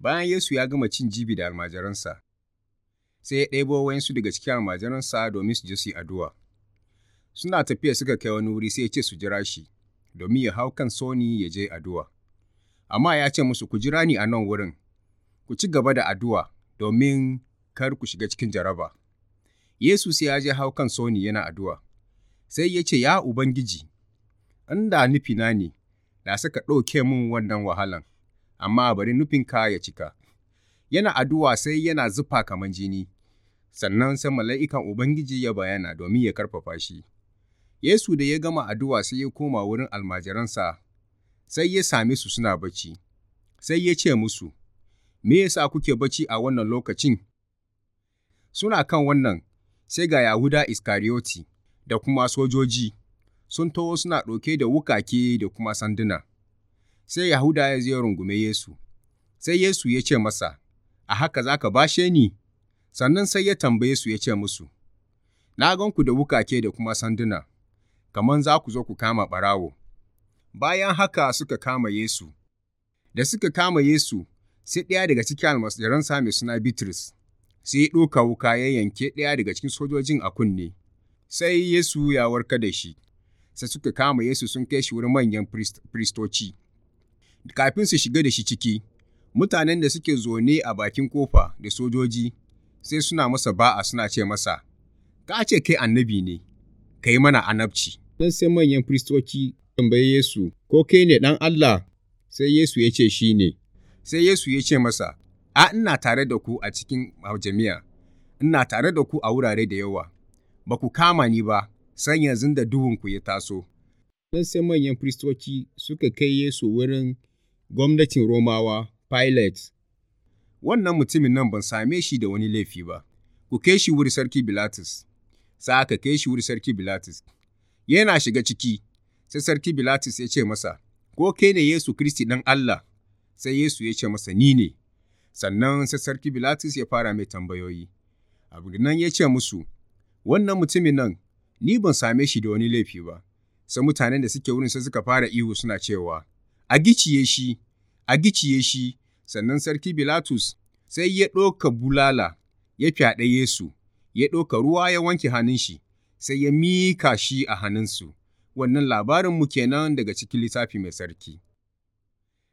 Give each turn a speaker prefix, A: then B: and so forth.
A: Bayan Yesu ya gama cin jibi da almajiransa, sai ya ɗebo wayansu daga cikin almajiransa domin su je su yi addu'a. Suna tafiya suka kai wani wuri sai ya ce su jira shi, domin ya hau kan soni ya je addu'a. Amma ya ce musu ku jira ni a nan wurin, ku ci gaba da addu'a domin kar ku shiga cikin jaraba. Yesu sai ya je hau kan soni yana addu'a. Sai ya ce, Ya Ubangiji, inda na ne, da suka ɗauke min wannan wahalan. amma bari nufinka ya cika. Yana addu'a sai yana zufa kamar jini, sannan sai mala'ikan Ubangiji ya bayana domin ya karfafa shi. Yesu da ya gama addu'a sai ya koma wurin almajiransa, sai ya same su suna bacci, sai ya ce musu, Me yasa kuke bacci a wannan lokacin? Suna kan wannan, sai ga Yahuda Iskariyoti da kuma sojoji, sun taho suna ɗauke da wukake da kuma sanduna. sai Yahuda ya zo rungume Yesu. Sai Yesu ya ce masa, A haka za ka bashe ni? Sannan sai ya tambaye su ya ce musu, Na ganku ku da ke da kuma sanduna, kamar za ku zo ku kama ɓarawo. Bayan haka suka kama Yesu. Da suka kama Yesu, sai ɗaya daga cikin almasiransa mai suna Bitrus, sai ɗoka wuka ya yanke ɗaya daga cikin sojojin a kunne. Sai Yesu ya warka da shi, sai suka kama Yesu sun kai shi wurin manyan firistoci. Kafin su shiga da shi ciki, mutanen da suke zone a bakin kofa da sojoji sai suna masa ba'a suna ce masa, Ka ce kai annabi ne, ka yi mana anabci. Nan sai manyan firistoci tambaye Yesu, ko kai ne ɗan Allah? Sai Yesu ya ce shi ne. Sai Yesu ya ce masa, A ina tare da ku a cikin jami'a, ina tare da ku a wurare da yawa, ba ku kama ni ba, san yanzu da duhunku ya taso. Nan sai manyan firistoci suka kai Yesu wurin gwamnatin Romawa, Pilate, Wannan mutumin nan ban same shi da wani laifi ba, ku kai shi wuri sarki Bilatus, sa aka kai shi wuri sarki Bilatus. Yana shiga ciki, sai sarki Bilatus ya ce masa, Ko kai ne Yesu Kiristi ɗan Allah, sai Yesu ya ce masa, Ni ne. Sannan sai sarki Bilatus ya fara mai tambayoyi. Abu nan ya ce musu, Wannan mutumin nan, ni ban same shi da wani laifi ba, sai mutanen da suke wurin sai suka fara ihu suna cewa, A giciye shi, a gicciye shi, sannan Sarki Bilatus sai ya ɗoka bulala, ya fyaɗe Yesu, ya ɗoka ruwa ya wanke hannun shi, sai ya mika shi a hannunsu. Wannan labarinmu kenan daga cikin lissafi mai sarki.